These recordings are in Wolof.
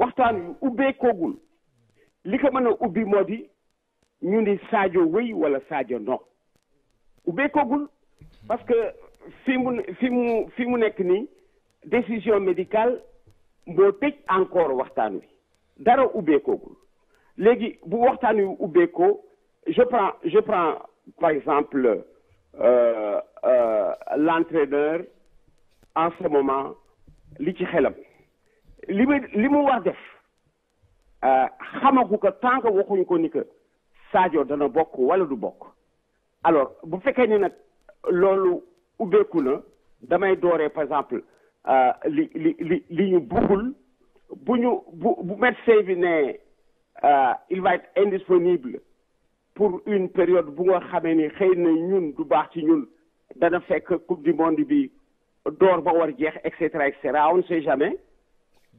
waxtaan yu ubbeekoogul li ko mën a ubbi moo di ñu ni Sadio wëy wala Sadio non ubbeekoogul parce que fi mu fi mu fi mu nekk nii décision médicale moo tëj encore waxtaan wi dara ubbeekoogul léegi bu waxtaan je prends je prends par exemple euh, euh, l'entraîneur en ce moment li ci xelam li muy li mu war def euh, xamagu ko tant que waxuñ ko ni que Sadio dana bokk wala du bokk alors bu fekkee ni nag loolu ubbeeku na damay dooree par exemple euh, li li li li ñu buggul bu ñu bu bu médecin bi ne euh, il va être indisponible pour une période bu nga xamee ni xëy na ñun du baax ci ñun dana fekk coupe du monde bi door ba war jeex et cetera et cetera on ne sait jamais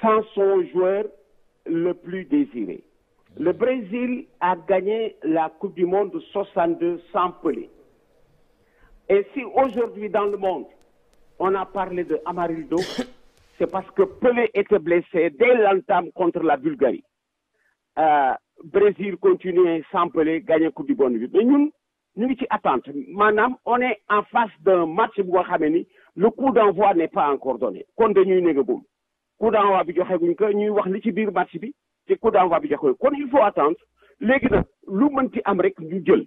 sans son joueur le plus désiré. Le Brésil a gagné la Coupe du Monde 62 sans Pelé. Et si aujourd'hui dans le monde, on a parlé de Amarildo, c'est parce que Pelé était blessé dès l'entame contre la Bulgarie. Euh, Brésil continue sans Pelé, gagner la Coupe du Monde. Mais nous, nous sommes attendons Madame, on est en face d'un match où le coup d'envoi n'est pas encore donné. Compte coup d'envoi bi joxe guñ ko ñuy wax li ci biir match bi te coup d'envoi bi joxe kon il faut attendre léegi nag lu mënti am rek ñu jël